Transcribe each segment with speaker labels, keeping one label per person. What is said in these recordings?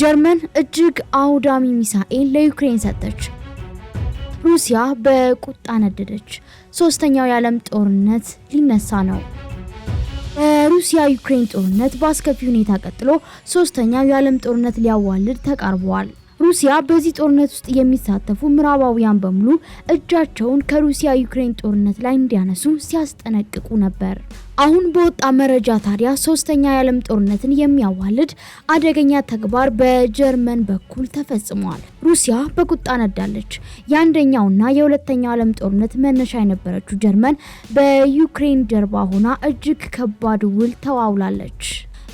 Speaker 1: ጀርመን እጅግ አውዳሚ ሚሳኤል ለዩክሬን ሰጠች። ሩሲያ በቁጣ ነደደች። ሶስተኛው የዓለም ጦርነት ሊነሳ ነው። የሩሲያ ዩክሬን ጦርነት በአስከፊ ሁኔታ ቀጥሎ ሶስተኛው የዓለም ጦርነት ሊያዋልድ ተቃርቧል። ሩሲያ በዚህ ጦርነት ውስጥ የሚሳተፉ ምዕራባውያን በሙሉ እጃቸውን ከሩሲያ ዩክሬን ጦርነት ላይ እንዲያነሱ ሲያስጠነቅቁ ነበር። አሁን በወጣ መረጃ ታዲያ ሶስተኛ የዓለም ጦርነትን የሚያዋልድ አደገኛ ተግባር በጀርመን በኩል ተፈጽሟል። ሩሲያ በቁጣ ነዳለች። የአንደኛውና የሁለተኛው ዓለም ጦርነት መነሻ የነበረችው ጀርመን በዩክሬን ጀርባ ሆና እጅግ ከባድ ውል ተዋውላለች።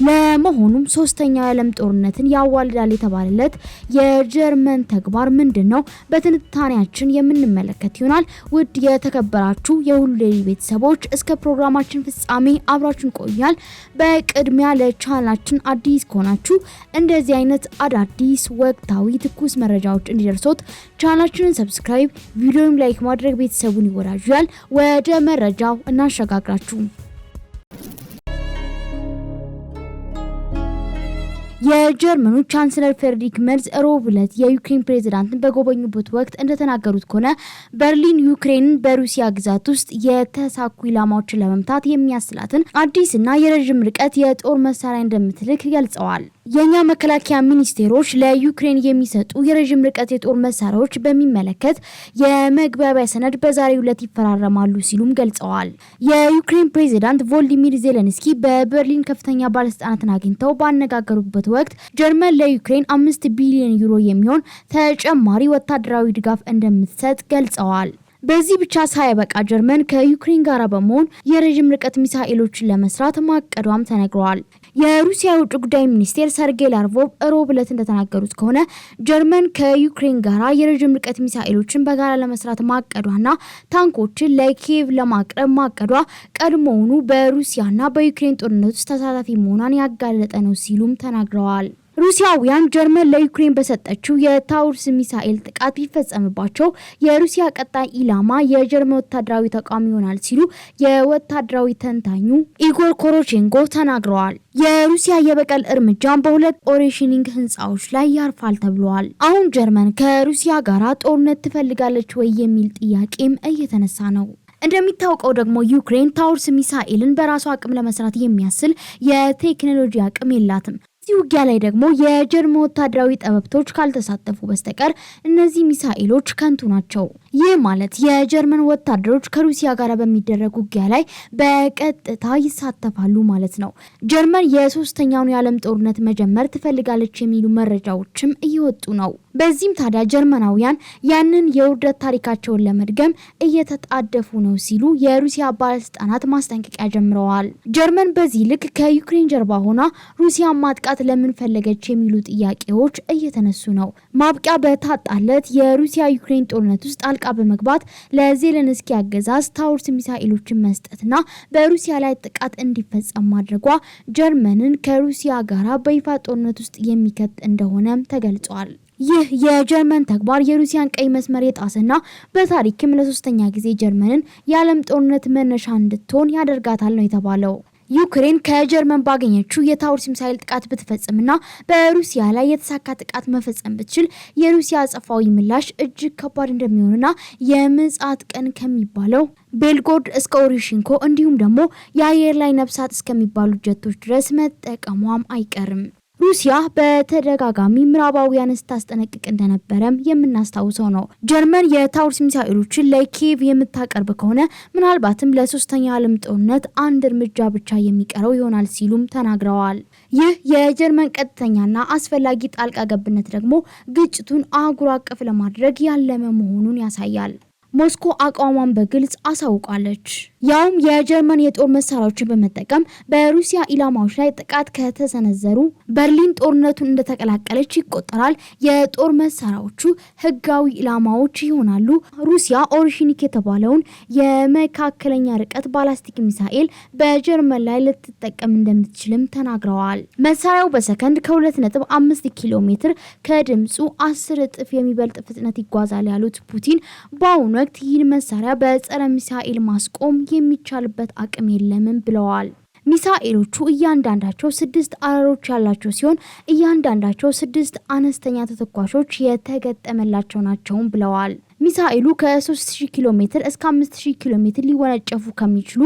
Speaker 1: ለመሆኑም ሶስተኛው የዓለም ጦርነትን ያዋልዳል የተባለለት የጀርመን ተግባር ምንድን ነው? በትንታኔያችን የምንመለከት ይሆናል። ውድ የተከበራችሁ የሁሉ ዴይሊ ቤተሰቦች እስከ ፕሮግራማችን ፍጻሜ አብራችን ቆያል። በቅድሚያ ለቻናላችን አዲስ ከሆናችሁ እንደዚህ አይነት አዳዲስ ወቅታዊ ትኩስ መረጃዎች እንዲደርሶት ቻናላችንን ሰብስክራይብ፣ ቪዲዮም ላይክ ማድረግ ቤተሰቡን ይወዳጁያል። ወደ መረጃው እናሸጋግራችሁ። የጀርመኑ ቻንስለር ፌሬድሪክ መርዝ ሮብ ዕለት የዩክሬን ፕሬዚዳንትን በጎበኙበት ወቅት እንደተናገሩት ከሆነ በርሊን ዩክሬንን በሩሲያ ግዛት ውስጥ የተሳኩ ኢላማዎችን ለመምታት የሚያስችላትን አዲስና የረዥም ርቀት የጦር መሳሪያ እንደምትልክ ገልጸዋል። የእኛ መከላከያ ሚኒስቴሮች ለዩክሬን የሚሰጡ የረዥም ርቀት የጦር መሳሪያዎች በሚመለከት የመግባቢያ ሰነድ በዛሬው ዕለት ይፈራረማሉ ሲሉም ገልጸዋል። የዩክሬን ፕሬዚዳንት ቮልዲሚር ዜሌንስኪ በበርሊን ከፍተኛ ባለስልጣናትን አግኝተው ባነጋገሩበት ወቅት ጀርመን ለዩክሬን አምስት ቢሊዮን ዩሮ የሚሆን ተጨማሪ ወታደራዊ ድጋፍ እንደምትሰጥ ገልጸዋል። በዚህ ብቻ ሳይበቃ ጀርመን ከዩክሬን ጋር በመሆን የረዥም ርቀት ሚሳኤሎችን ለመስራት ማቀዷም ተነግረዋል። የሩሲያ የውጭ ጉዳይ ሚኒስቴር ሰርጌይ ላቭሮቭ ሮብ ዕለት እንደተናገሩት ከሆነ ጀርመን ከዩክሬን ጋራ የረዥም ርቀት ሚሳኤሎችን በጋራ ለመስራት ማቀዷና ታንኮችን ለኪየቭ ለማቅረብ ማቀዷ ቀድሞውኑ በሩሲያና በዩክሬን ጦርነት ውስጥ ተሳታፊ መሆኗን ያጋለጠ ነው ሲሉም ተናግረዋል። ሩሲያውያን ጀርመን ለዩክሬን በሰጠችው የታውርስ ሚሳኤል ጥቃት ቢፈጸምባቸው የሩሲያ ቀጣይ ኢላማ የጀርመን ወታደራዊ ተቋም ይሆናል ሲሉ የወታደራዊ ተንታኙ ኢጎር ኮሮቼንኮ ተናግረዋል። የሩሲያ የበቀል እርምጃም በሁለት ኦሬሽኒንግ ህንፃዎች ላይ ያርፋል ተብለዋል። አሁን ጀርመን ከሩሲያ ጋር ጦርነት ትፈልጋለች ወይ የሚል ጥያቄም እየተነሳ ነው። እንደሚታወቀው ደግሞ ዩክሬን ታውርስ ሚሳኤልን በራሷ አቅም ለመስራት የሚያስችል የቴክኖሎጂ አቅም የላትም። በዚህ ውጊያ ላይ ደግሞ የጀርመን ወታደራዊ ጠበብቶች ካልተሳተፉ በስተቀር እነዚህ ሚሳኤሎች ከንቱ ናቸው። ይህ ማለት የጀርመን ወታደሮች ከሩሲያ ጋር በሚደረግ ውጊያ ላይ በቀጥታ ይሳተፋሉ ማለት ነው። ጀርመን የሶስተኛውን የዓለም ጦርነት መጀመር ትፈልጋለች የሚሉ መረጃዎችም እየወጡ ነው። በዚህም ታዲያ ጀርመናውያን ያንን የውርደት ታሪካቸውን ለመድገም እየተጣደፉ ነው ሲሉ የሩሲያ ባለስልጣናት ማስጠንቀቂያ ጀምረዋል። ጀርመን በዚህ ልክ ከዩክሬን ጀርባ ሆና ሩሲያን ማጥቃት ለምን ፈለገች የሚሉ ጥያቄዎች እየተነሱ ነው። ማብቂያ በታጣለት የሩሲያ ዩክሬን ጦርነት ውስጥ አልቃ ጣልቃ በመግባት ለዜሌንስኪ አገዛዝ ታውርስ ሚሳኤሎችን መስጠትና በሩሲያ ላይ ጥቃት እንዲፈጸም ማድረጓ ጀርመንን ከሩሲያ ጋር በይፋ ጦርነት ውስጥ የሚከት እንደሆነም ተገልጿል። ይህ የጀርመን ተግባር የሩሲያን ቀይ መስመር የጣሰና በታሪክም ለሶስተኛ ጊዜ ጀርመንን የዓለም ጦርነት መነሻ እንድትሆን ያደርጋታል ነው የተባለው። ዩክሬን ከጀርመን ባገኘችው የታውርስ ሚሳይል ጥቃት ብትፈጽምና በሩሲያ ላይ የተሳካ ጥቃት መፈጸም ብትችል የሩሲያ አጸፋዊ ምላሽ እጅግ ከባድ እንደሚሆንና የምጽአት ቀን ከሚባለው ቤልጎርድ እስከ ኦሪሽንኮ እንዲሁም ደግሞ የአየር ላይ ነፍሳት እስከሚባሉ ጀቶች ድረስ መጠቀሟም አይቀርም። ሩሲያ በተደጋጋሚ ምዕራባውያንን ስታስጠነቅቅ እንደነበረም የምናስታውሰው ነው። ጀርመን የታውርስ ሚሳኤሎችን ለኪየቭ የምታቀርብ ከሆነ ምናልባትም ለሶስተኛ ዓለም ጦርነት አንድ እርምጃ ብቻ የሚቀረው ይሆናል ሲሉም ተናግረዋል። ይህ የጀርመን ቀጥተኛና አስፈላጊ ጣልቃ ገብነት ደግሞ ግጭቱን አህጉር አቀፍ ለማድረግ ያለመ መሆኑን ያሳያል። ሞስኮ አቋሟን በግልጽ አሳውቃለች። ያውም የጀርመን የጦር መሳሪያዎችን በመጠቀም በሩሲያ ኢላማዎች ላይ ጥቃት ከተሰነዘሩ በርሊን ጦርነቱን እንደተቀላቀለች ይቆጠራል። የጦር መሳሪያዎቹ ህጋዊ ኢላማዎች ይሆናሉ። ሩሲያ ኦርሽኒክ የተባለውን የመካከለኛ ርቀት ባላስቲክ ሚሳኤል በጀርመን ላይ ልትጠቀም እንደምትችልም ተናግረዋል። መሳሪያው በሰከንድ ከ2.5 ኪሎ ሜትር ከድምፁ 10 እጥፍ የሚበልጥ ፍጥነት ይጓዛል ያሉት ፑቲን በአሁኑ ወቅት ይህን መሳሪያ በጸረ ሚሳኤል ማስቆም የሚቻልበት አቅም የለምም ብለዋል። ሚሳኤሎቹ እያንዳንዳቸው ስድስት አረሮች ያላቸው ሲሆን እያንዳንዳቸው ስድስት አነስተኛ ተተኳሾች የተገጠመላቸው ናቸውም ብለዋል። ሚሳኤሉ ከ3000 ኪሎ ሜትር እስከ 5000 ኪሎ ሜትር ሊወነጨፉ ከሚችሉ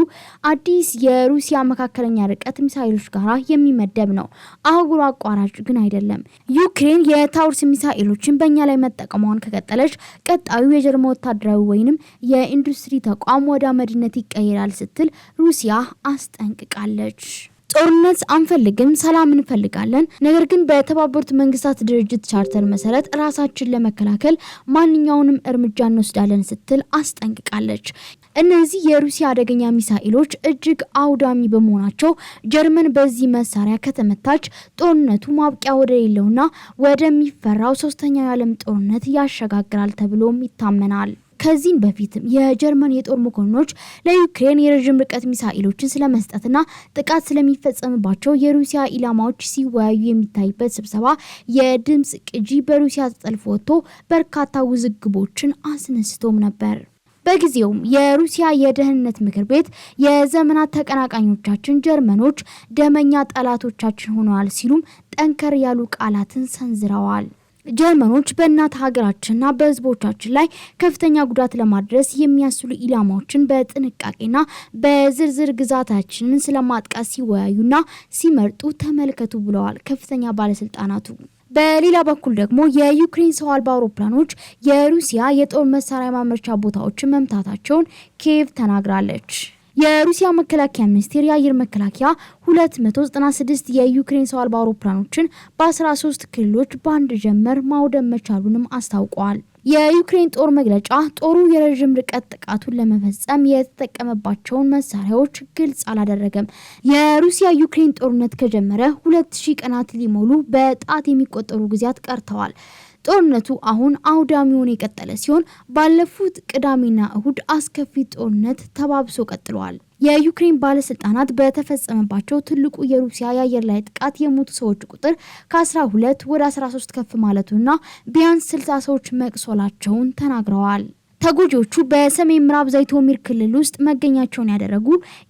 Speaker 1: አዲስ የሩሲያ መካከለኛ ርቀት ሚሳኤሎች ጋራ የሚመደብ ነው። አህጉሩ አቋራጭ ግን አይደለም። ዩክሬን የታውርስ ሚሳኤሎችን በእኛ ላይ መጠቀመዋን ከቀጠለች ቀጣዩ የጀርመን ወታደራዊ ወይንም የኢንዱስትሪ ተቋም ወደ አመድነት ይቀየራል ስትል ሩሲያ አስጠንቅቃለች። ጦርነት አንፈልግም፣ ሰላም እንፈልጋለን። ነገር ግን በተባበሩት መንግስታት ድርጅት ቻርተር መሰረት ራሳችን ለመከላከል ማንኛውንም እርምጃ እንወስዳለን ስትል አስጠንቅቃለች። እነዚህ የሩሲያ አደገኛ ሚሳኤሎች እጅግ አውዳሚ በመሆናቸው ጀርመን በዚህ መሳሪያ ከተመታች ጦርነቱ ማብቂያ ወደሌለውና ወደሚፈራው ሶስተኛው የዓለም ጦርነት ያሸጋግራል ተብሎም ይታመናል። ከዚህም በፊትም የጀርመን የጦር መኮንኖች ለዩክሬን የረዥም ርቀት ሚሳኤሎችን ስለመስጠትና ጥቃት ስለሚፈጸምባቸው የሩሲያ ኢላማዎች ሲወያዩ የሚታይበት ስብሰባ የድምፅ ቅጂ በሩሲያ ተጠልፎ ወጥቶ በርካታ ውዝግቦችን አስነስቶም ነበር። በጊዜውም የሩሲያ የደህንነት ምክር ቤት የዘመናት ተቀናቃኞቻችን ጀርመኖች ደመኛ ጠላቶቻችን ሆነዋል ሲሉም ጠንከር ያሉ ቃላትን ሰንዝረዋል። ጀርመኖች በእናት ሀገራችንና በህዝቦቻችን ላይ ከፍተኛ ጉዳት ለማድረስ የሚያስችሉ ኢላማዎችን በጥንቃቄና በዝርዝር ግዛታችንን ስለማጥቃት ሲወያዩና ሲመርጡ ተመልከቱ ብለዋል ከፍተኛ ባለስልጣናቱ። በሌላ በኩል ደግሞ የዩክሬን ሰው አልባ አውሮፕላኖች የሩሲያ የጦር መሳሪያ ማምረቻ ቦታዎችን መምታታቸውን ኪየቭ ተናግራለች። የሩሲያ መከላከያ ሚኒስቴር የአየር መከላከያ 296 የዩክሬን ሰው አልባ አውሮፕላኖችን በ13 ክልሎች በአንድ ጀመር ማውደም መቻሉንም አስታውቋል። የዩክሬን ጦር መግለጫ ጦሩ የረዥም ርቀት ጥቃቱን ለመፈጸም የተጠቀመባቸውን መሳሪያዎች ግልጽ አላደረገም። የሩሲያ ዩክሬን ጦርነት ከጀመረ 2000 ቀናት ሊሞሉ በጣት የሚቆጠሩ ጊዜያት ቀርተዋል። ጦርነቱ አሁን አውዳሚውን የቀጠለ ሲሆን ባለፉት ቅዳሜና እሁድ አስከፊ ጦርነት ተባብሶ ቀጥሏል። የዩክሬን ባለስልጣናት በተፈጸመባቸው ትልቁ የሩሲያ የአየር ላይ ጥቃት የሞቱ ሰዎች ቁጥር ከ12 ወደ 13 ከፍ ማለቱና ቢያንስ 60 ሰዎች መቅሶላቸውን ተናግረዋል። ተጎጂዎቹ በሰሜን ምዕራብ ዘይቶሚር ክልል ውስጥ መገኛቸውን ያደረጉ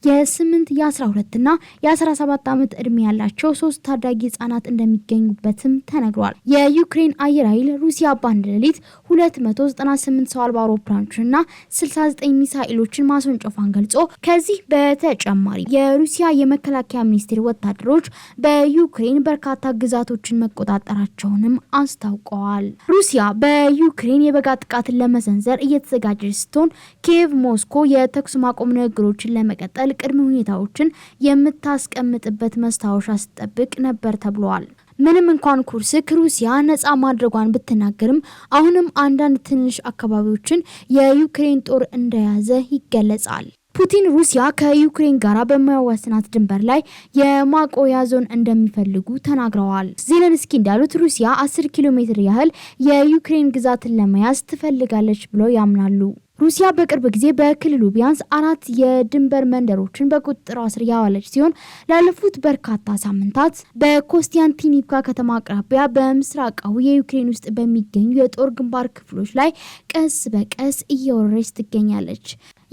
Speaker 1: የ8 የ12 እና የ17 ዓመት ዕድሜ ያላቸው ሶስት ታዳጊ ህጻናት እንደሚገኙበትም ተነግሯል። የዩክሬን አየር ኃይል ሩሲያ በአንድ ሌሊት 298 ሰው አልባ አውሮፕላኖችንና 69 ሚሳኤሎችን ማስወንጨፏን ገልጾ ከዚህ በተጨማሪ የሩሲያ የመከላከያ ሚኒስቴር ወታደሮች በዩክሬን በርካታ ግዛቶችን መቆጣጠራቸውንም አስታውቀዋል። ሩሲያ በዩክሬን የበጋ ጥቃትን ለመሰንዘር እየ እየተዘጋጀች ስትሆን ኪየቭ ሞስኮ የተኩስ ማቆም ንግግሮችን ለመቀጠል ቅድመ ሁኔታዎችን የምታስቀምጥበት መስታወሻ ስትጠብቅ ነበር ተብለዋል። ምንም እንኳን ኩርስክ ሩሲያ ነጻ ማድረጓን ብትናገርም አሁንም አንዳንድ ትንሽ አካባቢዎችን የዩክሬን ጦር እንደያዘ ይገለጻል። ፑቲን ሩሲያ ከዩክሬን ጋር በማያዋስናት ድንበር ላይ የማቆያ ዞን እንደሚፈልጉ ተናግረዋል። ዜለንስኪ እንዳሉት ሩሲያ አስር ኪሎ ሜትር ያህል የዩክሬን ግዛትን ለመያዝ ትፈልጋለች ብለው ያምናሉ። ሩሲያ በቅርብ ጊዜ በክልሉ ቢያንስ አራት የድንበር መንደሮችን በቁጥጥሯ ስር ያዋለች ሲሆን ላለፉት በርካታ ሳምንታት በኮስቲያንቲኒቭካ ከተማ አቅራቢያ በምስራቃዊ የዩክሬን ውስጥ በሚገኙ የጦር ግንባር ክፍሎች ላይ ቀስ በቀስ እየወረረች ትገኛለች።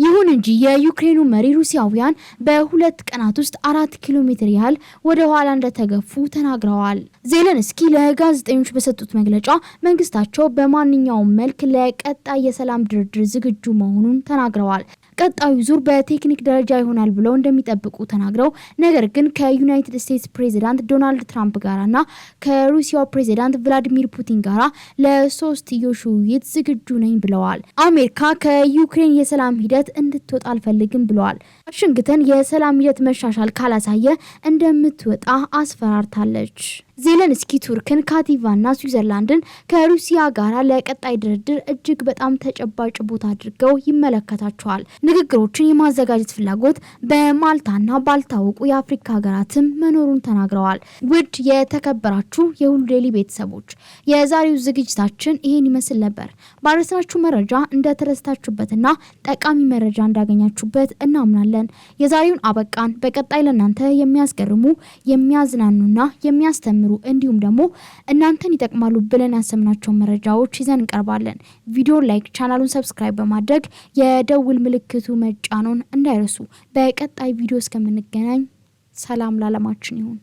Speaker 1: ይሁን እንጂ የዩክሬኑ መሪ ሩሲያውያን በሁለት ቀናት ውስጥ አራት ኪሎ ሜትር ያህል ወደ ኋላ እንደተገፉ ተናግረዋል። ዜለንስኪ ለጋዜጠኞች በሰጡት መግለጫ መንግስታቸው በማንኛውም መልክ ለቀጣይ የሰላም ድርድር ዝግጁ መሆኑን ተናግረዋል። ቀጣዩ ዙር በቴክኒክ ደረጃ ይሆናል ብለው እንደሚጠብቁ ተናግረው ነገር ግን ከዩናይትድ ስቴትስ ፕሬዚዳንት ዶናልድ ትራምፕ ጋራና ከሩሲያው ፕሬዚዳንት ቭላዲሚር ፑቲን ጋራ ለሶስትዮሽ ውይይት ዝግጁ ነኝ ብለዋል። አሜሪካ ከዩክሬን የሰላም ሂደት እንድትወጣ አልፈልግም ብለዋል። ዋሽንግተን የሰላም ሂደት መሻሻል ካላሳየ እንደምትወጣ አስፈራርታለች። ዜለንስኪ ቱርክን፣ ካቲቫና ስዊዘርላንድን ከሩሲያ ጋር ለቀጣይ ድርድር እጅግ በጣም ተጨባጭ ቦታ አድርገው ይመለከታቸዋል። ንግግሮችን የማዘጋጀት ፍላጎት በማልታና ባልታወቁ የአፍሪካ ሀገራትም መኖሩን ተናግረዋል። ውድ የተከበራችሁ የሁሉ ዴይሊ ቤተሰቦች የዛሬው ዝግጅታችን ይህን ይመስል ነበር። ባደረስናችሁ መረጃ እንደተረስታችሁበትና ጠቃሚ መረጃ እንዳገኛችሁበት እናምናለን። የዛሬውን አበቃን። በቀጣይ ለእናንተ የሚያስገርሙ የሚያዝናኑና የሚያስተምሩ ጨምሩ እንዲሁም ደግሞ እናንተን ይጠቅማሉ ብለን ያሰምናቸውን መረጃዎች ይዘን እንቀርባለን። ቪዲዮ ላይክ፣ ቻናሉን ሰብስክራይብ በማድረግ የደውል ምልክቱ መጫኖን እንዳይረሱ። በቀጣይ ቪዲዮ እስከምንገናኝ ሰላም ላለማችን ይሁን።